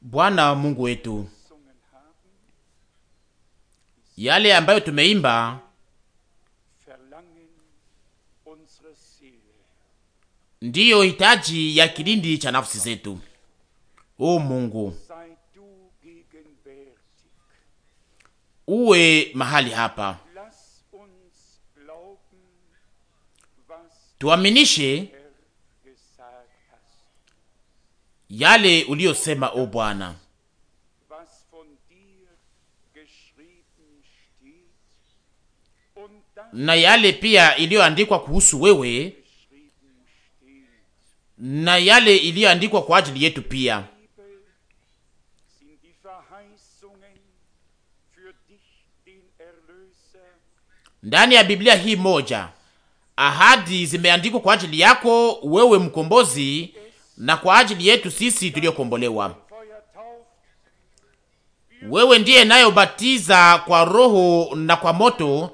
Bwana Mungu wetu, yale ambayo tumeimba ndiyo hitaji ya kilindi cha nafsi zetu. O Mungu, uwe mahali hapa, tuaminishe yale uliyosema, o Bwana, na yale pia iliyoandikwa kuhusu wewe na yale iliyoandikwa kwa ajili yetu pia. Ndani ya Biblia hii moja ahadi zimeandikwa kwa ajili yako wewe mkombozi, na kwa ajili yetu sisi tuliokombolewa. Wewe ndiye nayobatiza kwa Roho na kwa moto,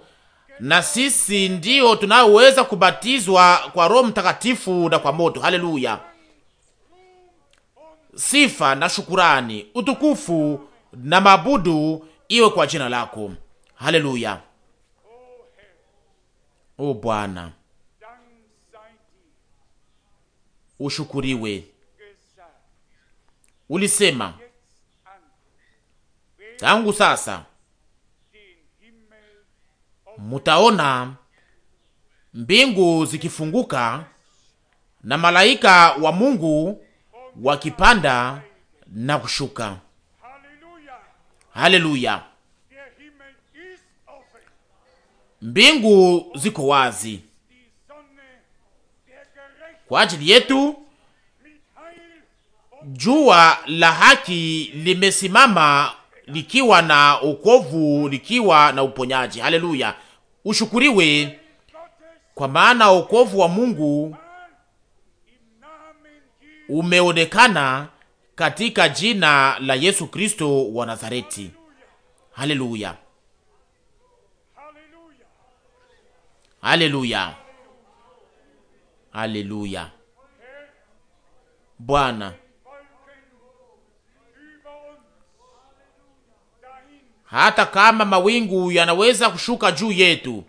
na sisi ndio tunaoweza kubatizwa kwa Roho Mtakatifu na kwa moto. Haleluya! Sifa na shukurani, utukufu na mabudu iwe kwa jina lako. Haleluya! O Bwana. ushukuriwe. Ulisema, tangu sasa mutaona mbingu zikifunguka na malaika wa Mungu wakipanda na kushuka. Haleluya! Mbingu ziko wazi kwa ajili yetu. Jua la haki limesimama likiwa na ukovu likiwa na uponyaji. Haleluya, ushukuriwe, kwa maana ukovu wa Mungu umeonekana katika jina la Yesu Kristo wa Nazareti. Haleluya, haleluya. Haleluya. Bwana hata kama mawingu yanaweza kushuka juu yetu,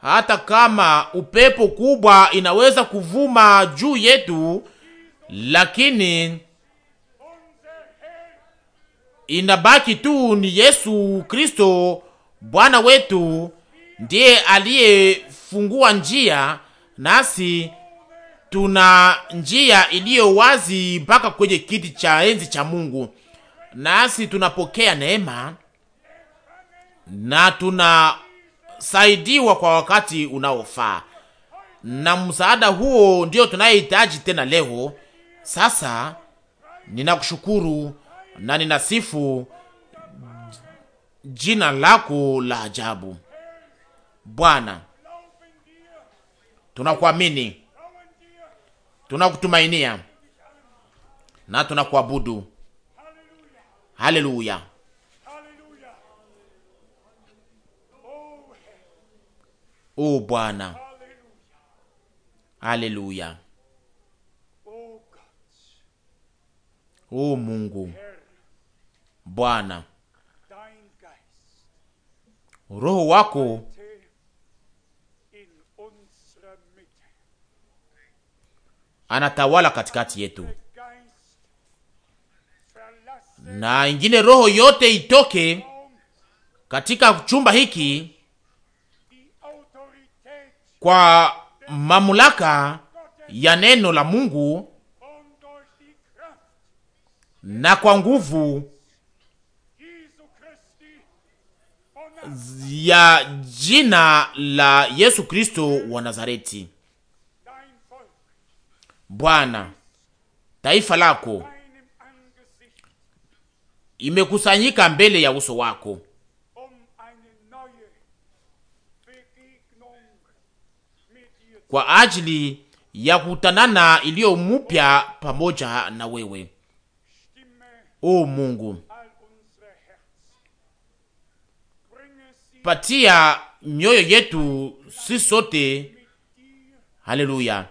hata kama upepo kubwa inaweza kuvuma juu yetu, lakini inabaki tu ni Yesu Kristo Bwana wetu ndiye aliyefungua njia, nasi tuna njia iliyo wazi mpaka kwenye kiti cha enzi cha Mungu, nasi tunapokea neema na tunasaidiwa kwa wakati unaofaa, na msaada huo ndio tunayehitaji tena leo. Sasa ninakushukuru na ninasifu jina lako la ajabu Bwana. Tunakuamini, tunakutumainia na tunakuabudu. Haleluya! O Bwana, haleluya! O Mungu Bwana Roho wako anatawala katikati yetu, na ingine roho yote itoke katika chumba hiki kwa mamlaka ya neno la Mungu na kwa nguvu ya jina la Yesu Kristo wa Nazareti. Bwana, taifa lako imekusanyika mbele ya uso wako kwa ajili ya kutanana iliyo mupya pamoja na wewe, o Mungu. utupatia mioyo yetu si sote. Haleluya,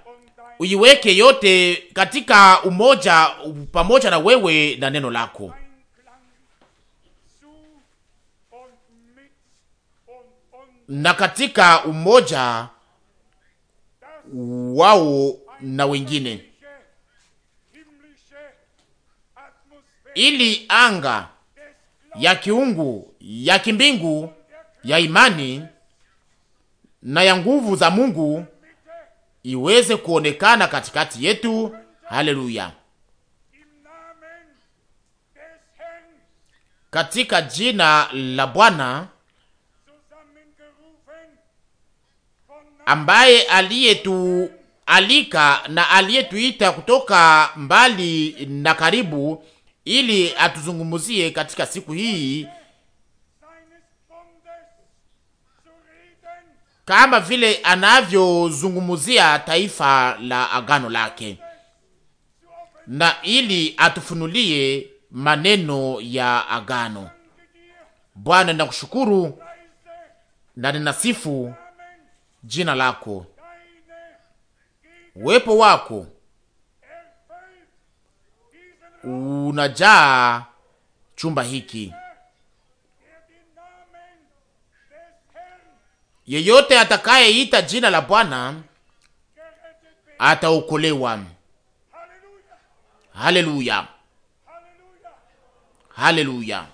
uiweke yote katika umoja pamoja na wewe na neno lako na katika umoja wao na wengine, ili anga ya kiungu ya kimbingu ya imani na ya nguvu za Mungu iweze kuonekana katikati yetu. Haleluya! Katika jina la Bwana ambaye aliyetualika na aliyetuita kutoka mbali na karibu, ili atuzungumuzie katika siku hii kama vile anavyozungumuzia taifa la agano lake, na ili atufunulie maneno ya agano. Bwana, ninakushukuru na ninasifu jina lako. Uwepo wako unajaa chumba hiki. Yeyote atakayeita jina la Bwana ataokolewa. Haleluya, haleluya,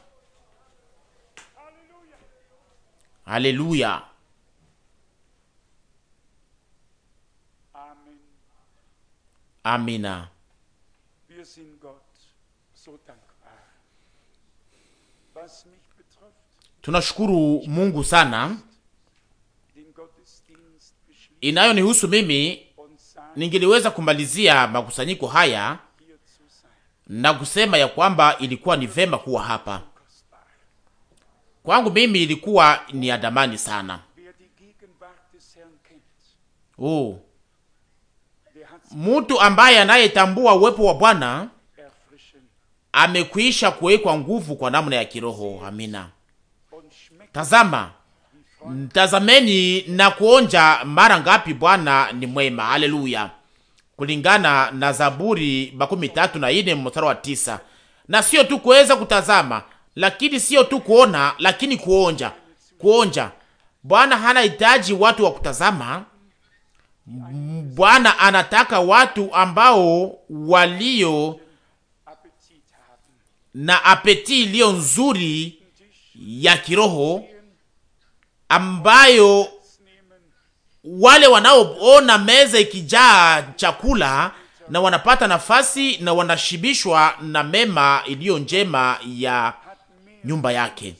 haleluya. Amina. Tunashukuru Mungu sana inayonihusu mimi, ningeliweza kumalizia makusanyiko haya na kusema ya kwamba ilikuwa ni vema kuwa hapa kwangu. Mimi ilikuwa ni adamani sana. Oh, mtu ambaye anayetambua uwepo wa Bwana amekwisha kuwekwa nguvu kwa namna ya kiroho. Amina. Tazama, Mtazameni na kuonja mara ngapi Bwana ni mwema. Haleluya, kulingana na Zaburi makumi tatu na ine mstari wa tisa. Na sio tu kuweza kutazama, lakini sio tu kuona, lakini kuonja, kuonja. Bwana hana hitaji watu wa kutazama. Bwana anataka watu ambao walio na apeti iliyo nzuri ya kiroho ambayo wale wanaoona meza ikijaa chakula na wanapata nafasi na wanashibishwa na mema iliyo njema ya nyumba yake.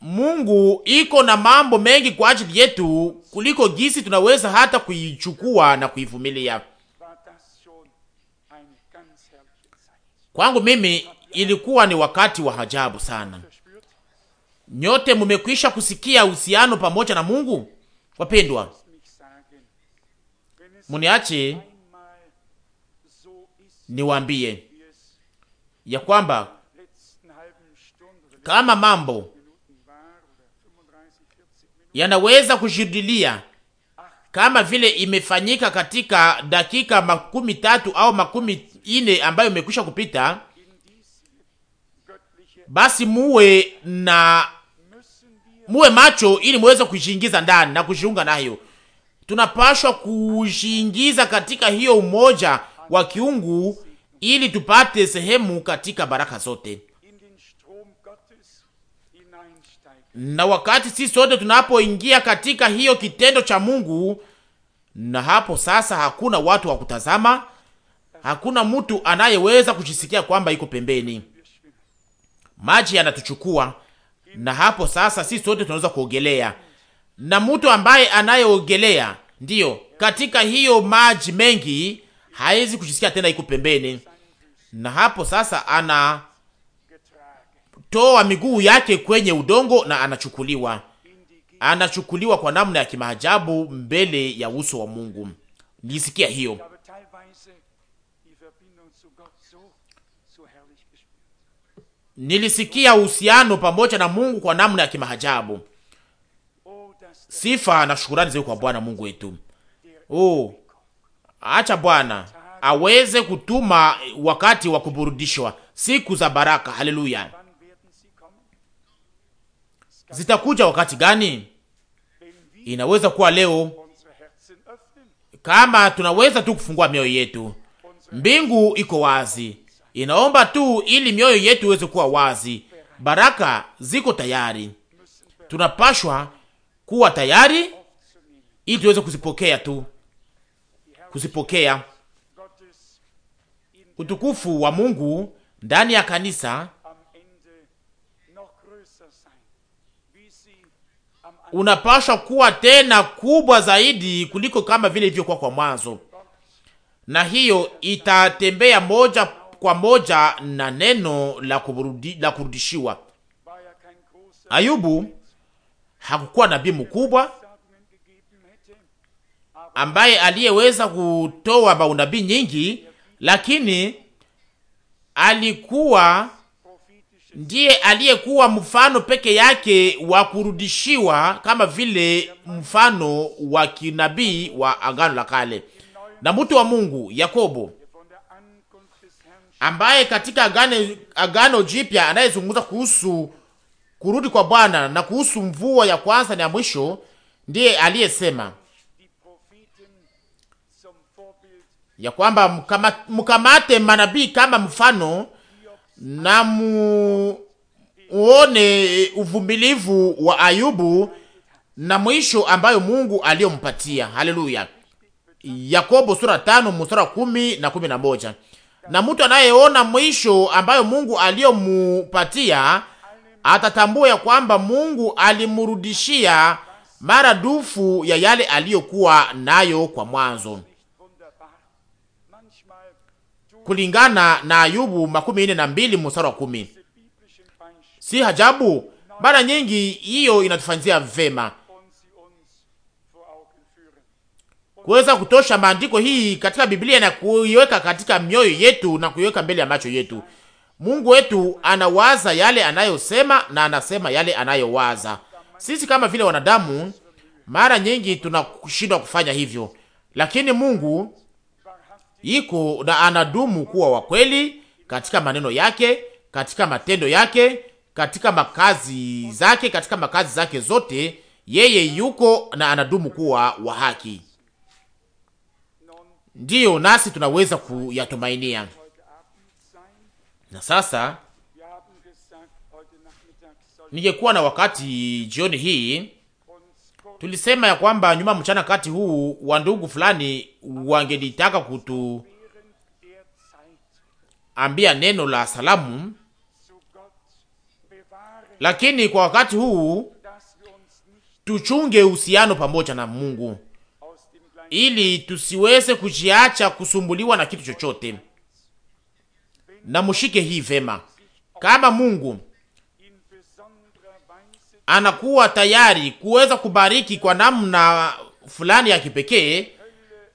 Mungu iko na mambo mengi kwa ajili yetu kuliko gisi tunaweza hata kuichukua na kuivumilia. Kwangu mimi ilikuwa ni wakati wa hajabu sana. Nyote mumekwisha kusikia uhusiano pamoja na Mungu. Wapendwa, muniache niwaambie ya kwamba kama mambo yanaweza kushuhudilia kama vile imefanyika katika dakika makumi tatu au makumi ine ambayo imekwisha kupita basi muwe na muwe macho ili muweze kujiingiza ndani na kujiunga nayo. Tunapashwa kujiingiza katika hiyo umoja wa kiungu ili tupate sehemu katika baraka zote. Na wakati sisi sote tunapoingia katika hiyo kitendo cha Mungu, na hapo sasa hakuna watu wa kutazama, hakuna mtu anayeweza kujisikia kwamba iko pembeni maji yanatuchukua, na hapo sasa sisi sote tunaweza kuogelea, na mtu ambaye anayeogelea ndiyo katika hiyo maji mengi hawezi kujisikia tena iko pembeni, na hapo sasa anatoa miguu yake kwenye udongo na anachukuliwa, anachukuliwa kwa namna ya kimaajabu mbele ya uso wa Mungu. Nilisikia hiyo nilisikia uhusiano pamoja na Mungu kwa namna ya kimahajabu Sifa na shukurani ziwe kwa Bwana Mungu wetu. Oh, acha Bwana aweze kutuma wakati wa kuburudishwa, siku za baraka. Haleluya! Zitakuja wakati gani? Inaweza kuwa leo, kama tunaweza tu kufungua mioyo yetu. Mbingu iko wazi, inaomba tu ili mioyo yetu iweze kuwa wazi. Baraka ziko tayari, tunapashwa kuwa tayari ili tuweze kuzipokea tu, kuzipokea. Utukufu wa Mungu ndani ya kanisa unapashwa kuwa tena kubwa zaidi kuliko kama vile ilivyokuwa kwa mwanzo, na hiyo itatembea moja kwa moja na neno la, kuburudi, la kurudishiwa. Ayubu hakukuwa nabii mkubwa ambaye aliyeweza kutoa maunabii nyingi, lakini alikuwa ndiye aliyekuwa mfano peke yake wa kurudishiwa, kama vile mfano wa kinabii wa Agano la Kale na mtu wa Mungu Yakobo ambaye katika agano, agano jipya anayezungumza kuhusu kurudi kwa Bwana na kuhusu mvua ya kwanza na ya mwisho, ndiye aliyesema ya kwamba mkamate manabii kama mfano na muone uvumilivu wa Ayubu na mwisho ambayo Mungu aliyompatia. Haleluya! Yakobo sura tano mstari wa kumi na kumi na moja na mtu anayeona mwisho ambayo Mungu aliyompatia atatambua ya kwamba Mungu alimrudishia dufu ya yale aliyokuwa nayo kwa mwanzo, kulingana na Ayubu makumi nne na mbili mstari wa kumi. Si hajabu mara nyingi hiyo inatufanyia vema kuweza kutosha maandiko hii katika Biblia na kuiweka katika mioyo yetu na kuiweka mbele ya macho yetu. Mungu wetu anawaza yale anayosema na anasema yale anayowaza. Sisi kama vile wanadamu mara nyingi tunashindwa kufanya hivyo, lakini Mungu iko na anadumu kuwa wa kweli katika maneno yake, katika matendo yake, katika makazi zake, katika makazi zake zote. Yeye yuko na anadumu kuwa wa haki ndiyo nasi tunaweza kuyatumainia. Na sasa ningekuwa na wakati jioni hii, tulisema ya kwamba nyuma mchana kati huu wa ndugu fulani wangelitaka kutuambia neno la salamu, lakini kwa wakati huu tuchunge uhusiano pamoja na Mungu ili tusiweze kujiacha kusumbuliwa na kitu chochote. Na mushike hii vema, kama Mungu anakuwa tayari kuweza kubariki kwa namna fulani ya kipekee,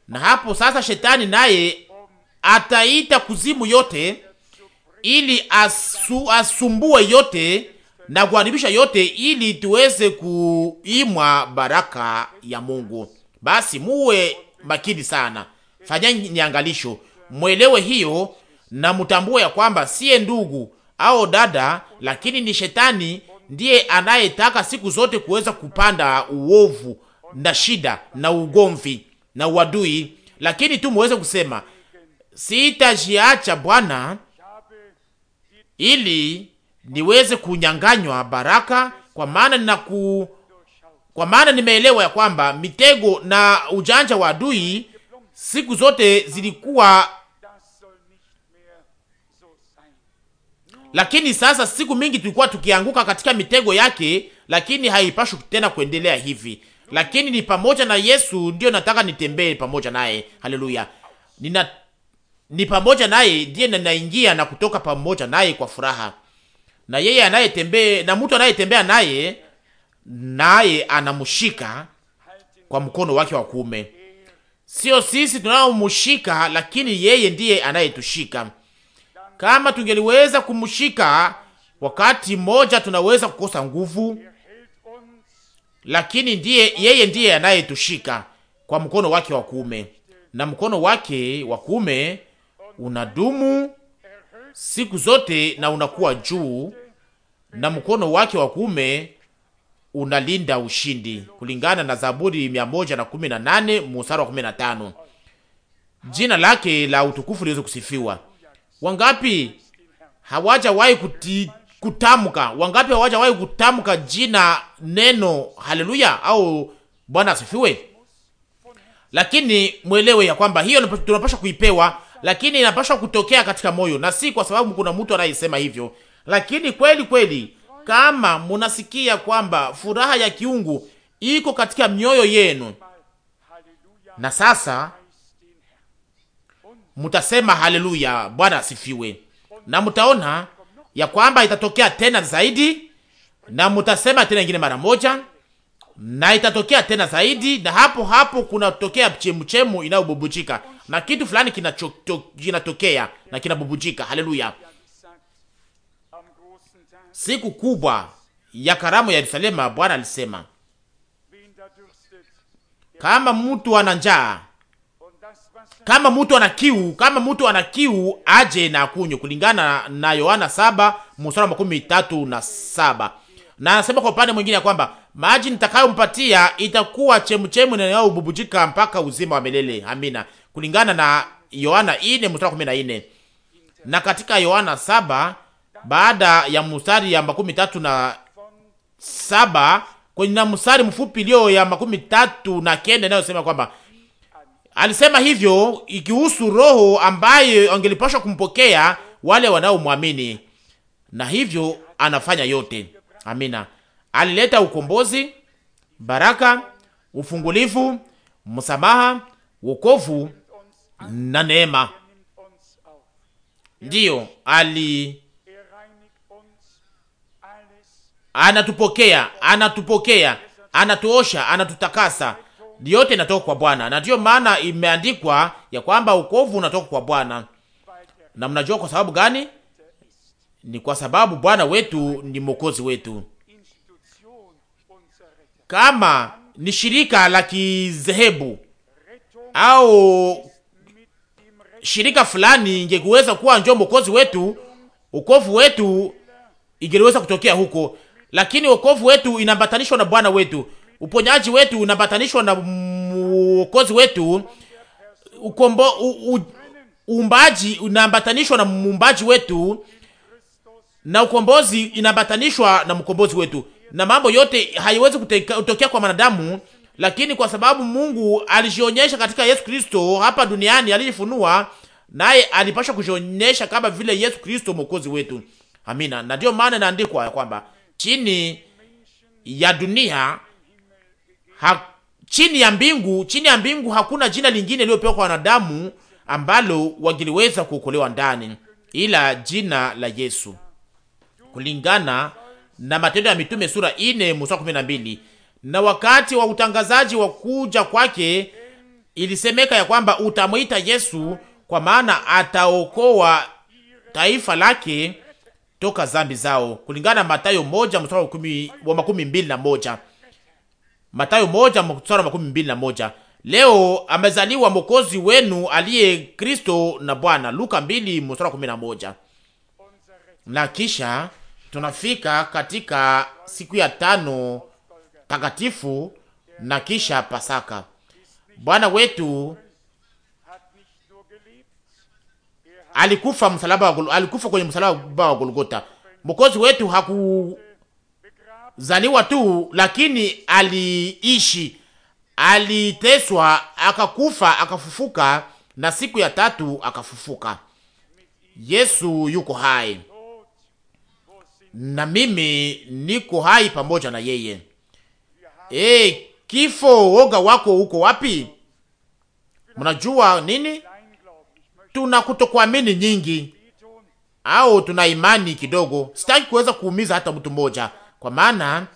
na hapo sasa shetani naye ataita kuzimu yote ili asu, asumbue yote na kuharibisha yote ili tuweze kuimwa baraka ya Mungu. Basi muwe makini sana, fanyeni niangalisho, mwelewe hiyo na mtambue ya kwamba siye ndugu au dada, lakini ni shetani ndiye anayetaka siku zote kuweza kupanda uovu na shida na ugomvi na uadui, lakini tu muweze kusema sitajiacha Bwana ili niweze kunyang'anywa baraka, kwa maana ninaku kwa maana nimeelewa ya kwamba mitego na ujanja wa adui siku zote zilikuwa, lakini sasa siku mingi tulikuwa tukianguka katika mitego yake, lakini haipashwi tena kuendelea hivi. Lakini ni pamoja na Yesu ndiyo nataka nitembee pamoja naye. Haleluya, nina ni pamoja naye ndiye ninaingia na kutoka pamoja naye kwa furaha, na yeye anayetembea na mtu anayetembea naye naye anamshika kwa mkono wake wa kuume. Sio sisi tunaomshika, lakini yeye ndiye anayetushika. Kama tungeliweza kumshika wakati mmoja, tunaweza kukosa nguvu, lakini ndiye yeye ndiye anayetushika kwa mkono wake wa kuume, na mkono wake wa kuume unadumu siku zote na unakuwa juu, na mkono wake wa kuume unalinda ushindi kulingana na Zaburi 118 moja 15 mstari wa Jina lake la utukufu liweze kusifiwa. Wangapi hawajawahi kutamka? Wangapi hawajawahi kutamka jina neno haleluya au Bwana asifiwe? Lakini mwelewe ya kwamba hiyo tunapaswa kuipewa, lakini inapaswa kutokea katika moyo na si kwa sababu kuna mtu anayesema hivyo, lakini kweli kweli kama munasikia kwamba furaha ya kiungu iko katika mioyo yenu, na sasa mutasema haleluya, Bwana asifiwe, na mutaona ya kwamba itatokea tena zaidi, na mutasema tena ingine mara moja, na itatokea tena zaidi, na hapo hapo kunatokea chemuchemu inayobubujika na kitu fulani kinatokea na kinabubujika. Haleluya! siku kubwa ya karamu ya Yerusalema, Bwana alisema kama mtu ana njaa, kama mtu ana kiu, kama mtu ana kiu aje na akunywe, kulingana na Yohana saba mstari makumi tatu na saba. Na anasema kwa upande mwingine ya kwamba maji nitakayompatia itakuwa chemchemu inayobubujika mpaka uzima wa milele. Amina, kulingana na Yohana 4 mstari 14 na katika Yohana saba baada ya mstari ya makumi tatu na saba kwenye na mstari mfupi leo ya makumi tatu na kenda inayosema kwamba alisema hivyo ikihusu roho ambaye angelipashwa kumpokea wale wanaomwamini, na hivyo anafanya yote. Amina. Alileta ukombozi, baraka, ufungulifu, msamaha, wokovu na neema. Ndiyo ali anatupokea, anatupokea, anatuosha, anatutakasa. Yote inatoka kwa Bwana, na ndiyo maana imeandikwa ya kwamba ukovu unatoka kwa Bwana. Na mnajua kwa sababu gani? Ni kwa sababu Bwana wetu ni mwokozi wetu. Kama ni shirika la kizehebu au shirika fulani ingekuweza kuwa njo mwokozi wetu, ukovu wetu ingeliweza kutokea huko, lakini wokovu wetu inabatanishwa na Bwana wetu, uponyaji wetu unambatanishwa na mwokozi wetu, ukombo uumbaji unambatanishwa na muumbaji wetu, na ukombozi inabatanishwa na mkombozi wetu, na mambo yote haiwezi kutokea kwa mwanadamu, lakini kwa sababu Mungu alijionyesha katika Yesu Kristo hapa duniani, alijifunua naye alipasha kujionyesha kama vile Yesu Kristo mwokozi wetu. Amina. Na ndio maana inaandikwa kwamba chini ya dunia ha, chini ya mbingu, chini ya mbingu hakuna jina lingine lililopewa kwa wanadamu ambalo wangeliweza kuokolewa ndani ila jina la Yesu, kulingana na Matendo ya Mitume sura 4 mstari 12. Na wakati wa utangazaji wa kuja kwake ilisemeka ya kwamba utamwita Yesu, kwa maana ataokoa taifa lake toka zambi zao, kulingana na Mathayo moja mstari wa kumi wa makumi mbili na moja Mathayo moja mstari wa makumi mbili na moja Leo amezaliwa mokozi wenu aliye Kristo na Bwana, Luka mbili mstari wa kumi na moja Na kisha tunafika katika siku ya tano takatifu na kisha Pasaka. Bwana wetu alikufa msalaba alikufa kwenye msalaba wa Golgota. Mkozi wetu hakuzaliwa tu, lakini aliishi, aliteswa, akakufa, akafufuka, na siku ya tatu akafufuka. Yesu yuko hai na mimi niko hai pamoja na yeye. E, kifo, woga wako uko wapi? Mnajua nini? tuna kutokuamini nyingi au tuna imani kidogo. Sitaki kuweza kuumiza hata mtu mmoja, kwa maana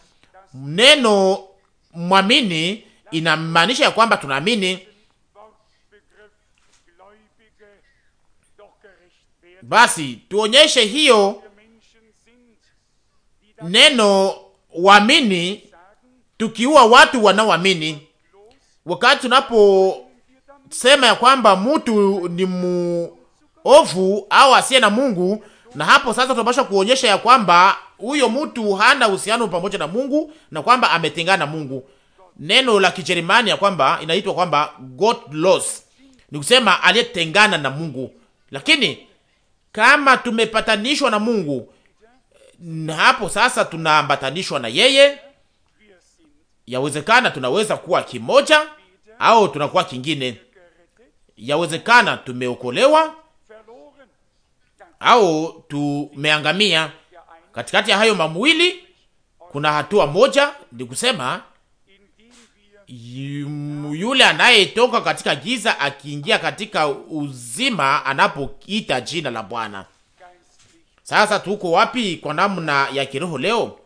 neno mwamini inamaanisha ya kwamba tunaamini. Basi tuonyeshe hiyo neno waamini, tukiua watu wanaoamini. Wakati tunapo sema ya kwamba mtu ni muovu au asiye na Mungu, na hapo sasa tunapaswa kuonyesha ya kwamba huyo mtu hana uhusiano pamoja na Mungu na kwamba ametengana na Mungu. Neno la Kijerumani ya kwamba inaitwa kwamba Gottlos, ni kusema aliyetengana na Mungu. Lakini kama tumepatanishwa na Mungu, na hapo sasa tunaambatanishwa na yeye. Yawezekana tunaweza kuwa kimoja au tunakuwa kingine. Yawezekana tumeokolewa au tumeangamia. Katikati ya hayo mamwili kuna hatua moja, ni kusema yule anayetoka katika giza akiingia katika uzima anapoita jina la Bwana. Sasa tuko wapi kwa namna ya kiroho leo?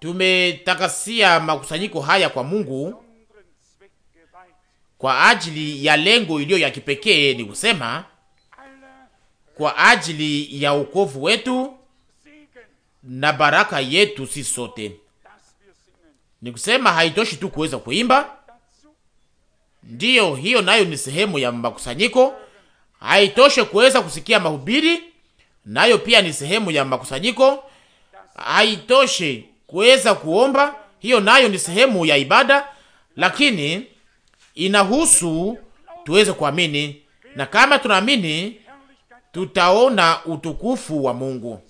Tumetakasia makusanyiko haya kwa Mungu kwa ajili ya lengo iliyo ya kipekee, ni kusema kwa ajili ya wokovu wetu na baraka yetu si sote. Ni kusema haitoshi tu kuweza kuimba, ndiyo hiyo nayo ni sehemu ya makusanyiko. Haitoshe kuweza kusikia mahubiri, nayo pia ni sehemu ya makusanyiko. Haitoshe kuweza kuomba, hiyo nayo ni sehemu ya ibada, lakini inahusu tuweze kuamini, na kama tunaamini tutaona utukufu wa Mungu.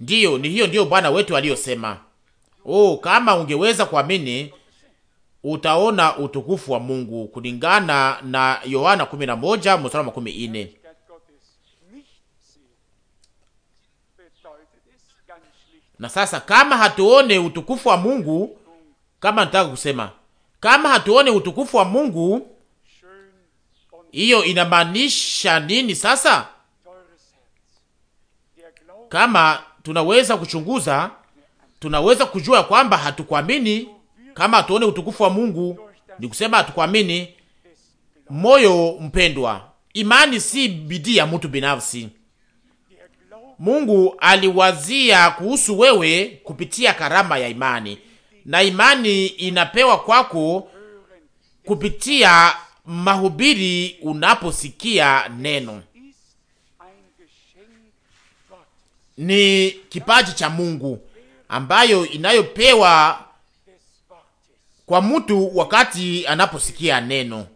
Ndiyo, ni hiyo ndiyo Bwana wetu aliyosema. Oh, kama ungeweza kuamini utaona utukufu wa Mungu kulingana na Yohana 11 mstari wa 14. Na sasa kama hatuone utukufu wa Mungu kama nataka kusema kama hatuone utukufu wa Mungu, hiyo inamaanisha nini sasa? Kama tunaweza kuchunguza, tunaweza kujua kwamba hatukuamini. Kama hatuone utukufu wa Mungu, ni kusema hatukuamini. Moyo mpendwa, imani si bidii ya mtu binafsi. Mungu aliwazia kuhusu wewe kupitia karama ya imani na imani inapewa kwako kupitia mahubiri unaposikia neno. Ni kipaji cha Mungu ambayo inayopewa kwa mtu wakati anaposikia neno.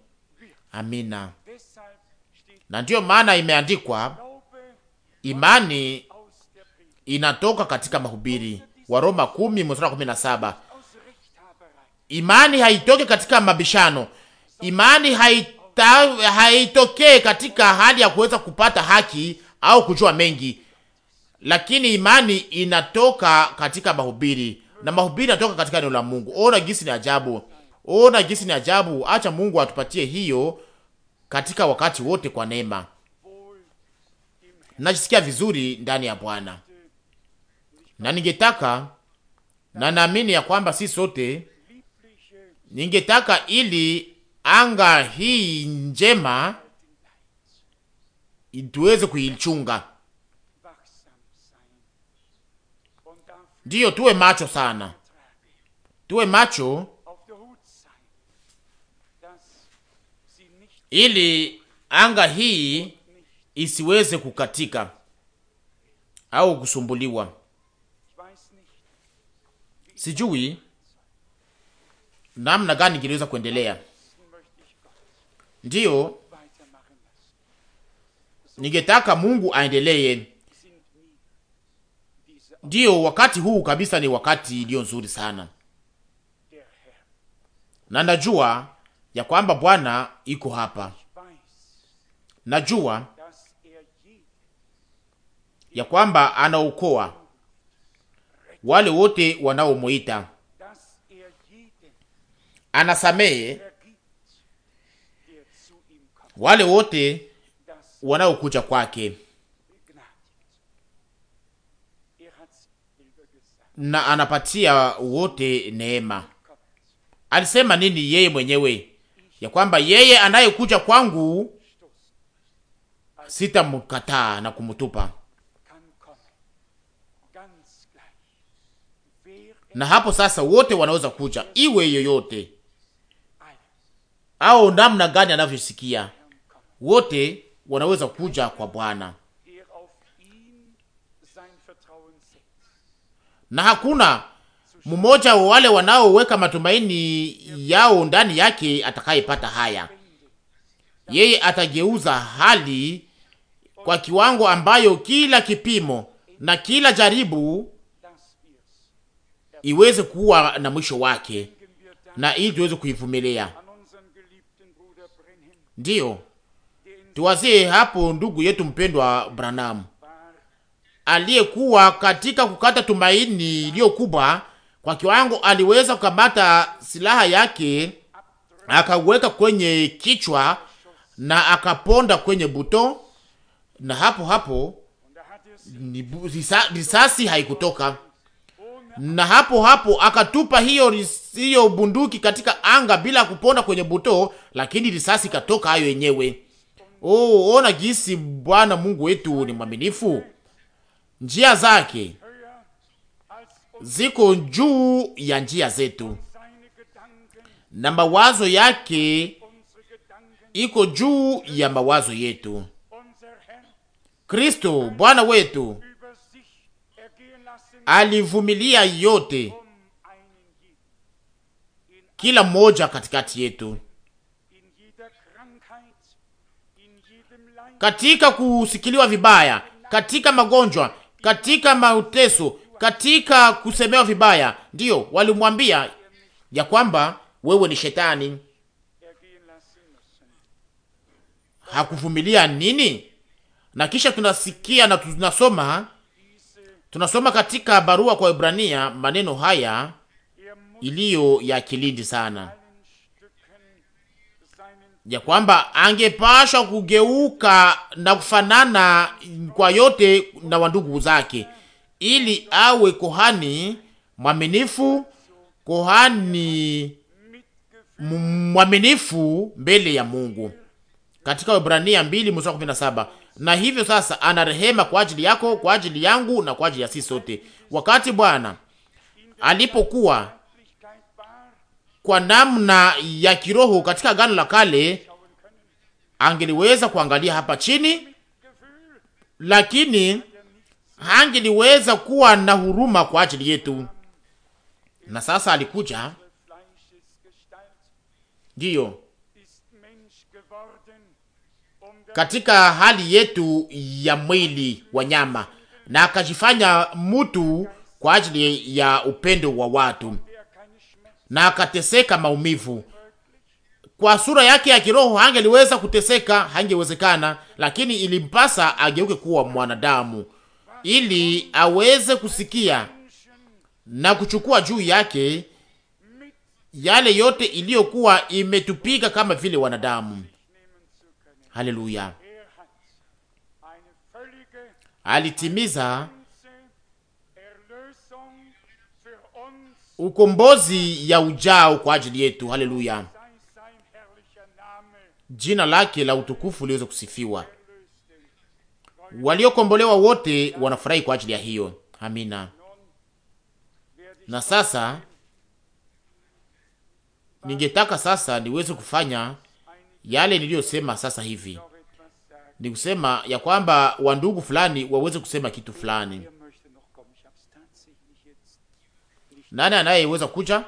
Amina. Na ndiyo maana imeandikwa imani inatoka katika mahubiri, Waroma roma mstari Imani haitoke katika mabishano. Imani haitokee katika hali ya kuweza kupata haki au kujua mengi, lakini imani inatoka katika mahubiri na mahubiri inatoka katika neno la Mungu. Ona gisi ni ajabu, ona gisi ni ajabu. Acha Mungu atupatie hiyo katika wakati wote kwa neema. Najisikia vizuri ndani ya Bwana na ningetaka na naamini ya kwamba si sote Ningetaka ili anga hii njema tuweze kuichunga, ndiyo, tuwe macho sana, tuwe macho ili anga hii isiweze kukatika au kusumbuliwa. Sijui namna gani ingeliweza kuendelea. Ndiyo, ningetaka Mungu aendelee. Ndiyo, wakati huu kabisa ni wakati iliyo nzuri sana, na najua ya kwamba Bwana iko hapa. Najua ya kwamba anaokoa wale wote wanaomwita anasamehe wale wote wanaokuja kwake, na anapatia wote neema. Alisema nini yeye mwenyewe? Ya kwamba yeye anayekuja kwangu sitamkataa na kumtupa. Na hapo sasa wote wanaweza kuja, iwe yoyote au namna gani anavyosikia, wote wanaweza kuja kwa Bwana na hakuna mmoja wa wale wanaoweka matumaini yao ndani yake atakayepata haya. Yeye atageuza hali kwa kiwango ambayo kila kipimo na kila jaribu iweze kuwa na mwisho wake, na ili tuweze kuivumilia. Ndiyo, tuwazie hapo ndugu yetu mpendwa Branham aliyekuwa katika kukata tumaini iliyo kubwa kwa kiwango, aliweza kukamata silaha yake akaweka kwenye kichwa na akaponda kwenye buto, na hapo hapo risasi haikutoka na hapo hapo akatupa hiyo hiyo bunduki katika anga bila kuponda kwenye buto, lakini risasi ikatoka hayo yenyewe. Oh, ona jinsi Bwana Mungu wetu ni mwaminifu, njia zake ziko juu ya njia zetu na mawazo yake iko juu ya mawazo yetu. Kristo Bwana wetu alivumilia yote, kila mmoja katikati yetu, katika kusikiliwa vibaya, katika magonjwa, katika mauteso, katika kusemewa vibaya. Ndiyo walimwambia ya kwamba wewe ni shetani. Hakuvumilia nini? Na kisha tunasikia na tunasoma Tunasoma katika barua kwa Ibrania maneno haya iliyo ya kilindi sana, ya kwamba angepashwa kugeuka na kufanana kwa yote na wandugu zake ili awe kohani mwaminifu, kohani mwaminifu mbele ya Mungu, katika Ibrania 2 17 na hivyo sasa ana rehema kwa ajili yako, kwa ajili yangu na kwa ajili ya sisi sote. Wakati Bwana alipokuwa kwa namna ya kiroho katika gano la Kale, angeliweza kuangalia hapa chini, lakini hangeliweza kuwa na huruma kwa ajili yetu. Na sasa alikuja, ndiyo katika hali yetu ya mwili wa nyama na akajifanya mtu kwa ajili ya upendo wa watu na akateseka maumivu. Kwa sura yake ya kiroho hangeliweza kuteseka, hangewezekana, lakini ilimpasa ageuke kuwa mwanadamu ili aweze kusikia na kuchukua juu yake yale yote iliyokuwa imetupiga kama vile wanadamu. Haleluya! Alitimiza ukombozi ya ujao kwa ajili yetu. Haleluya! Jina lake la utukufu liweze kusifiwa. Waliokombolewa wote wanafurahi kwa ajili ya hiyo. Amina. Na sasa ningetaka sasa niweze kufanya yale niliyosema sasa hivi ni kusema ya kwamba wandugu fulani waweze kusema kitu fulani. Nani anayeweza kuja?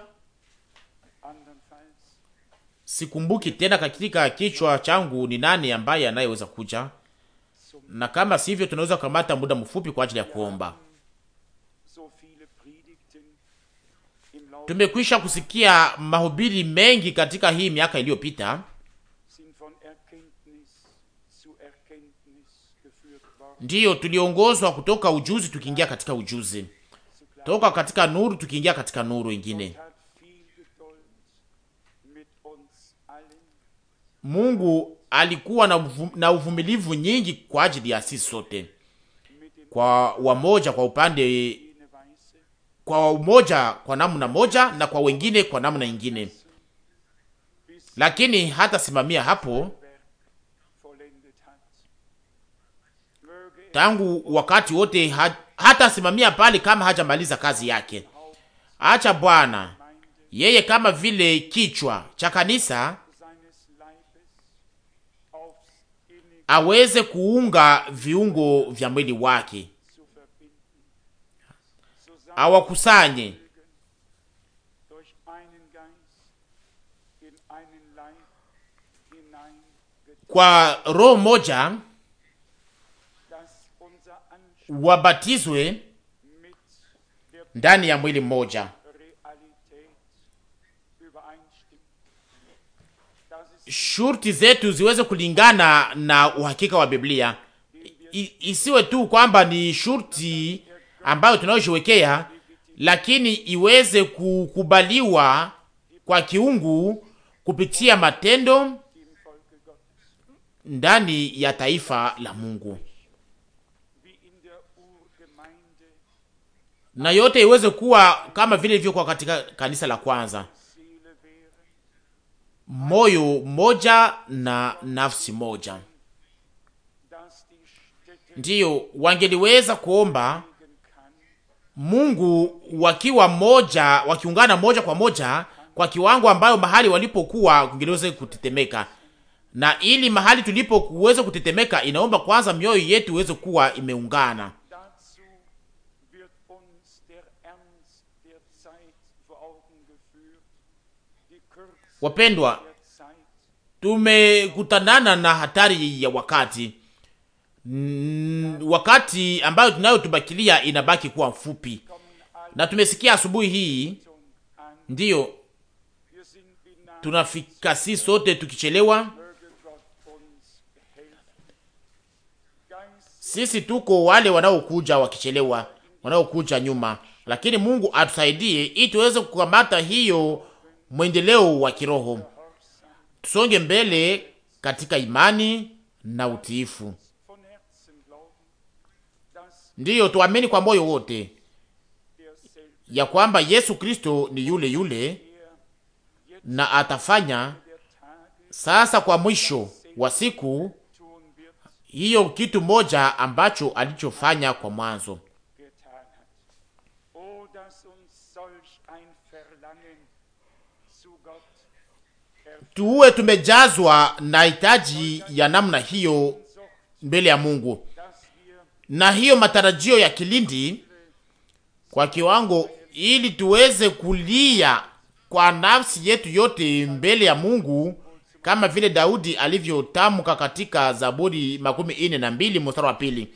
Sikumbuki tena katika kichwa changu ni nani ambaye anayeweza kuja, na kama sivyo, tunaweza kukamata muda mfupi kwa ajili ya kuomba. Tumekwisha kusikia mahubiri mengi katika hii miaka iliyopita Ndiyo, tuliongozwa kutoka ujuzi tukiingia katika ujuzi, toka katika nuru tukiingia katika nuru ingine. Mungu alikuwa na, na uvumilivu nyingi kwa ajili ya sisi sote, kwa wamoja kwa upande kwa umoja kwa namna moja na kwa wengine kwa namna ingine lakini hata simamia hapo tangu wakati wote ha, simamia pale kama hajamaliza kazi yake. Acha Bwana yeye kama vile kichwa cha kanisa aweze kuunga viungo vya mwili wake, awakusanye kwa roho moja wabatizwe ndani ya mwili mmoja. Shurti zetu ziweze kulingana na uhakika wa Biblia, I, isiwe tu kwamba ni shurti ambayo tunayojiwekea, lakini iweze kukubaliwa kwa kiungu kupitia matendo ndani ya taifa la Mungu. na yote iweze kuwa kama vile ilivyokuwa katika kanisa la kwanza, moyo moja na nafsi moja. Ndiyo wangeliweza kuomba Mungu wakiwa moja, wakiungana moja kwa moja kwa kiwango ambayo mahali walipokuwa kungeliweze kutetemeka, na ili mahali tulipo kuweza kutetemeka, inaomba kwanza mioyo yetu iweze kuwa imeungana Wapendwa, tumekutanana na hatari ya wakati. wakati ambayo tunayotubakilia inabaki kuwa mfupi, na tumesikia asubuhi hii ndiyo tunafika si sote tukichelewa. Sisi tuko wale wanaokuja wakichelewa, wanaokuja nyuma, lakini Mungu atusaidie ili tuweze kukamata hiyo mwendeleo wa kiroho. Tusonge mbele katika imani na utiifu. Ndiyo, tuamini kwa moyo wote ya kwamba Yesu Kristo ni yule yule na atafanya sasa kwa mwisho wa siku hiyo kitu moja ambacho alichofanya kwa mwanzo. tuwe tumejazwa na hitaji ya namna hiyo mbele ya Mungu, na hiyo matarajio ya kilindi kwa kiwango, ili tuweze kulia kwa nafsi yetu yote mbele ya Mungu kama vile Daudi alivyotamka katika Zaburi makumi ine na mbili mstari wa pili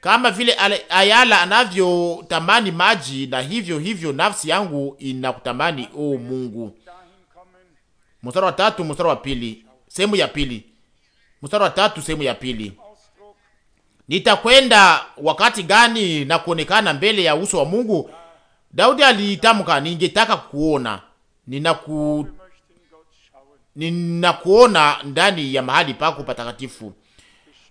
kama vile ayala anavyotamani maji, na hivyo hivyo nafsi yangu inakutamani, o Mungu mstari wa tatu mstari wa pili sehemu ya pili mstari wa tatu sehemu ya pili nitakwenda wakati gani na kuonekana mbele ya uso wa Mungu? Daudi alitamka, ningetaka kuona ninaku ninakuona ndani ya mahali pako patakatifu.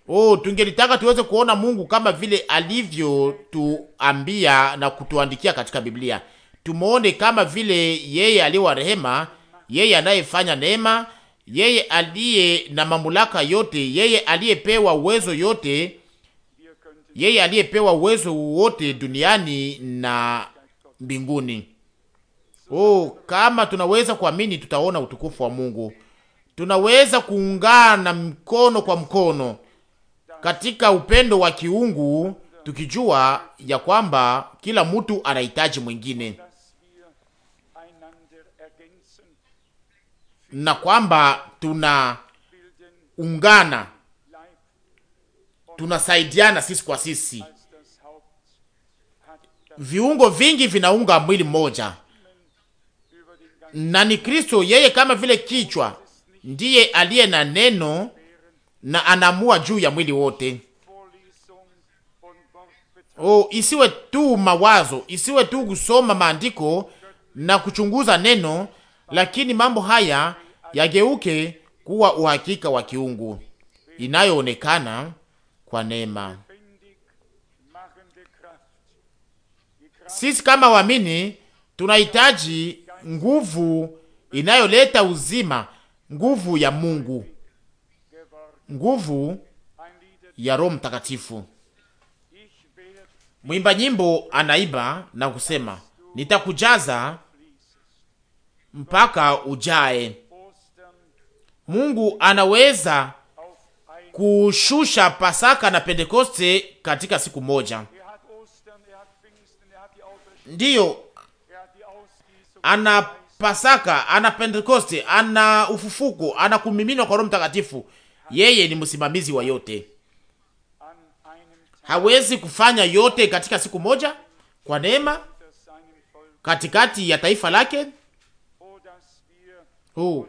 Oh, tungelitaka tuweze kuona Mungu kama vile alivyotuambia na kutuandikia katika Biblia. Tumuone kama vile yeye aliwa rehema yeye anayefanya neema, yeye aliye na mamlaka yote, yeye aliyepewa uwezo yote, yeye aliyepewa uwezo wote duniani na mbinguni. Oh, kama tunaweza kuamini, tutaona utukufu wa Mungu. Tunaweza kuungana mkono kwa mkono katika upendo wa kiungu, tukijua ya kwamba kila mtu anahitaji mwingine. na kwamba tunaungana, tunasaidiana sisi kwa sisi. Viungo vingi vinaunga mwili mmoja, na ni Kristo yeye kama vile kichwa ndiye aliye na neno na anamua juu ya mwili wote. Oh, isiwe tu mawazo, isiwe tu kusoma maandiko na kuchunguza neno, lakini mambo haya yageuke kuwa uhakika wa kiungu inayoonekana kwa neema. Sisi kama waamini tunahitaji nguvu inayoleta uzima, nguvu ya Mungu, nguvu ya Roho Mtakatifu. Mwimba nyimbo anaiba na kusema nitakujaza mpaka ujae. Mungu anaweza kushusha Pasaka na Pentekoste katika siku moja. Ndiyo, ana Pasaka, ana Pentekoste, ana ufufuko, ana kumiminwa kwa Roho Mtakatifu. Yeye ni msimamizi wa yote. Hawezi kufanya yote katika siku moja kwa neema katikati ya taifa lake Oh,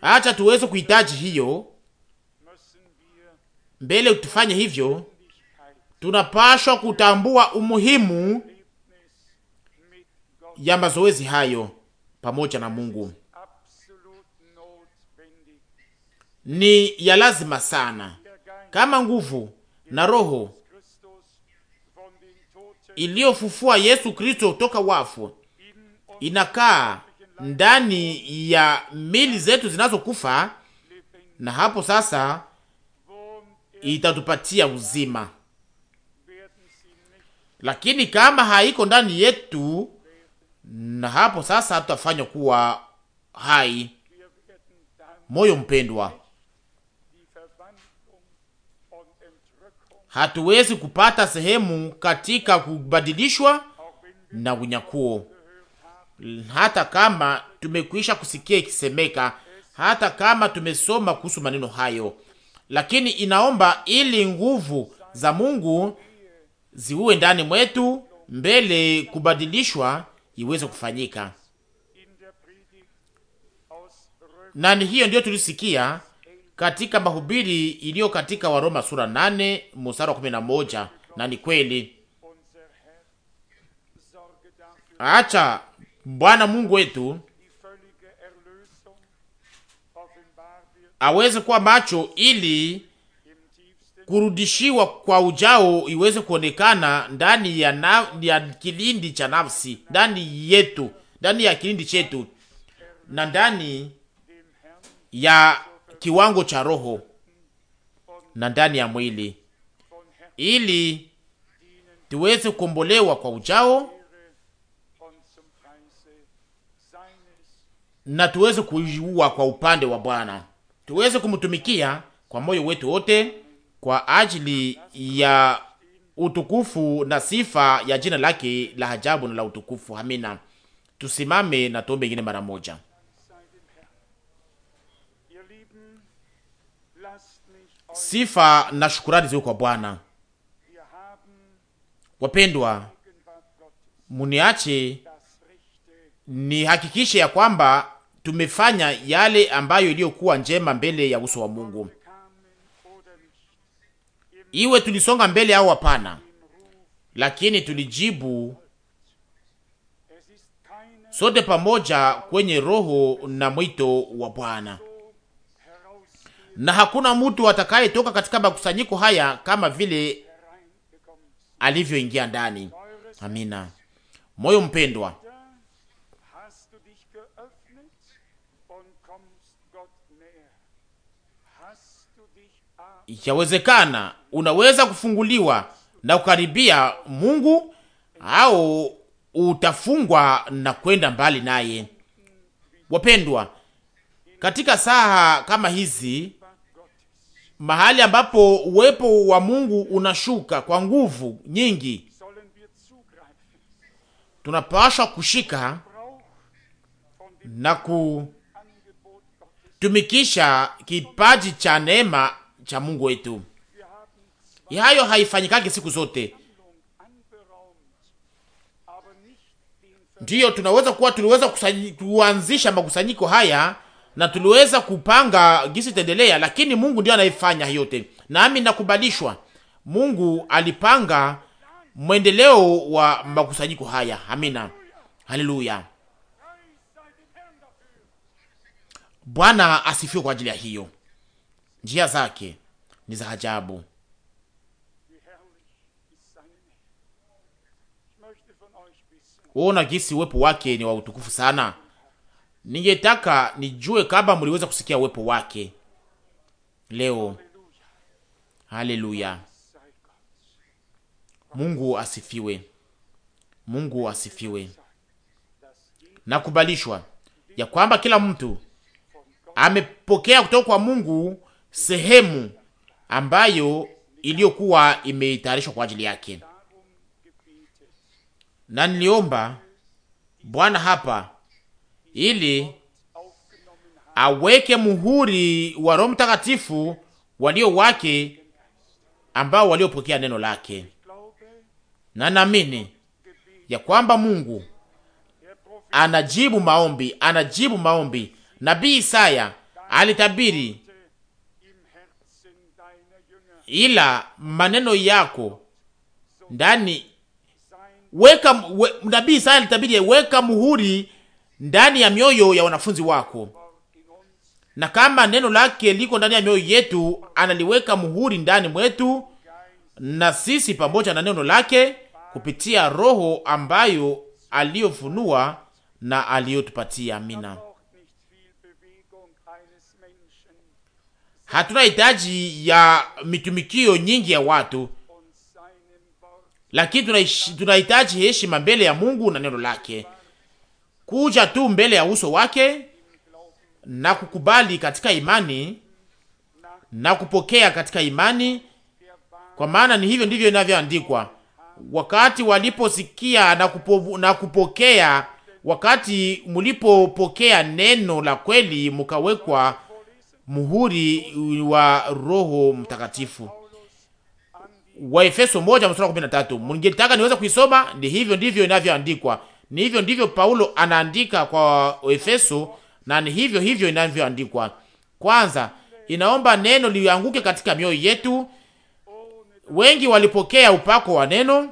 acha tuweze kuhitaji hiyo mbele, tufanye hivyo. Tunapashwa kutambua umuhimu ya mazoezi hayo pamoja na Mungu, ni ya lazima sana, kama nguvu na roho iliyofufua Yesu Kristo toka wafu inakaa ndani ya mili zetu zinazokufa, na hapo sasa itatupatia uzima. Lakini kama haiko ndani yetu, na hapo sasa hatutafanywa kuwa hai. Moyo mpendwa, hatuwezi kupata sehemu katika kubadilishwa na unyakuo hata kama tumekwisha kusikia ikisemeka, hata kama tumesoma kuhusu maneno hayo, lakini inaomba ili nguvu za Mungu ziuwe ndani mwetu mbele kubadilishwa iweze kufanyika. Na ni hiyo ndiyo tulisikia katika mahubiri iliyo katika Waroma sura 8 mstari wa 11, na ni kweli. Acha Bwana Mungu wetu aweze kuwa macho ili kurudishiwa kwa ujao iweze kuonekana ndani ya, na, ya kilindi cha nafsi ndani yetu ndani ya kilindi chetu na ndani ya kiwango cha roho na ndani ya mwili, ili tuweze kukombolewa kwa ujao na tuweze kujua kwa upande wa Bwana, tuweze kumtumikia kwa moyo wetu wote kwa ajili ya utukufu na sifa ya jina lake la ajabu na la utukufu. Amina. Tusimame na tuombe ingine mara moja. Sifa na shukurani ziwe kwa Bwana. Wapendwa, muniache nihakikishe ya kwamba tumefanya yale ambayo iliyokuwa njema mbele ya uso wa Mungu, iwe tulisonga mbele au hapana, lakini tulijibu sote pamoja kwenye roho na mwito wa Bwana, na hakuna mtu atakayetoka katika makusanyiko haya kama vile alivyoingia ndani. Amina. Moyo mpendwa yawezekana unaweza kufunguliwa na kukaribia Mungu au utafungwa na kwenda mbali naye. Wapendwa, katika saha kama hizi, mahali ambapo uwepo wa Mungu unashuka kwa nguvu nyingi, tunapaswa kushika na kutumikisha kipaji cha neema cha Mungu wetu. Hayo haifanyikake siku zote. Ndiyo tunaweza kuwa tuliweza kuanzisha makusanyiko haya na tuliweza kupanga gisi tendelea, lakini Mungu ndiye anayefanya yote, nami nakubalishwa. Mungu alipanga mwendeleo wa makusanyiko haya. Amina, haleluya. Bwana asifiwe kwa ajili ya hiyo njia zake ni za ajabu. Ona gisi uwepo wake ni wa utukufu sana. Ningetaka nijue kama mliweza kusikia uwepo wake leo. Haleluya! Mungu asifiwe, Mungu asifiwe. Nakubalishwa ya kwamba kila mtu amepokea kutoka kwa Mungu sehemu ambayo iliyokuwa imetayarishwa kwa ajili yake. Na niliomba Bwana hapa ili aweke muhuri wa Roho Mtakatifu walio wake ambao waliopokea neno lake, na naamini ya kwamba Mungu anajibu maombi, anajibu maombi. Nabii Isaya alitabiri ila maneno yako ndani weka we, nabii Isaya alitabiri, weka muhuri ndani ya mioyo ya wanafunzi wako. Na kama neno lake liko ndani ya mioyo yetu, analiweka muhuri ndani mwetu, na sisi pamoja na neno lake kupitia Roho ambayo aliyofunua na aliyotupatia. Amina. Hatuna hitaji ya mitumikio nyingi ya watu, lakini tunahitaji heshima mbele ya Mungu na neno lake, kuja tu mbele ya uso wake na kukubali katika imani na kupokea katika imani, kwa maana ni hivyo ndivyo inavyoandikwa. Wakati waliposikia na, kupo, na kupokea, wakati mulipopokea neno la kweli mukawekwa muhuri wa Roho Mtakatifu. Waefeso moja mstari wa 13. Mngetaka niweze kuisoma, ni hivyo ndivyo inavyoandikwa, ni hivyo ndivyo Paulo anaandika kwa Efeso, na ni hivyo hivyo inavyoandikwa. Kwanza inaomba neno lianguke katika mioyo yetu. Wengi walipokea upako wa neno,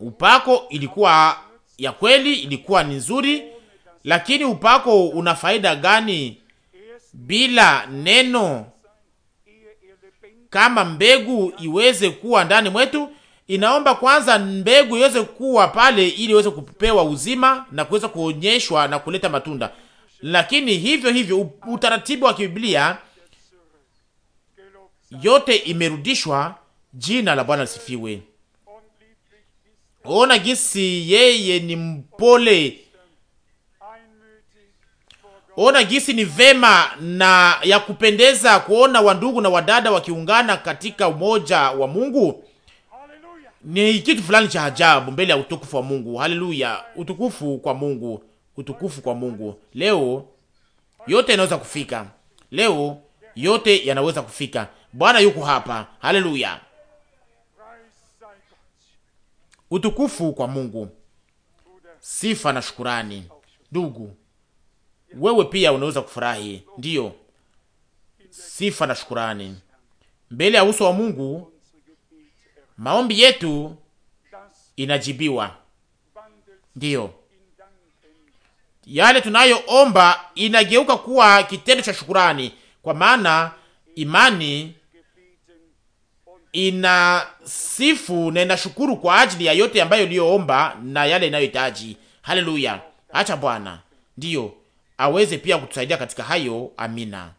upako ilikuwa ya kweli, ilikuwa ni nzuri, lakini upako una faida gani bila neno kama mbegu iweze kuwa ndani mwetu, inaomba kwanza mbegu iweze kuwa pale ili iweze kupewa uzima na kuweza kuonyeshwa na kuleta matunda. Lakini hivyo hivyo utaratibu wa kibiblia yote imerudishwa. Jina la Bwana lisifiwe. Ona gisi yeye ni mpole ona gisi ni vema na ya kupendeza kuona wandugu na wadada wakiungana katika umoja wa Mungu. Ni kitu fulani cha ajabu mbele ya utukufu wa Mungu. Haleluya, utukufu kwa Mungu, utukufu kwa Mungu. Leo yote yanaweza kufika, leo yote yanaweza kufika. Bwana yuko hapa. Haleluya, utukufu kwa Mungu, sifa na shukurani, ndugu wewe pia unaweza kufurahi. Ndiyo, sifa na shukurani mbele ya uso wa Mungu. Maombi yetu inajibiwa, ndiyo yale tunayoomba inageuka kuwa kitendo cha shukurani, kwa maana imani ina sifu na inashukuru kwa ajili ya yote ambayo iliyoomba na yale inayohitaji. Haleluya! Acha Bwana, ndiyo aweze pia kutusaidia katika hayo. Amina.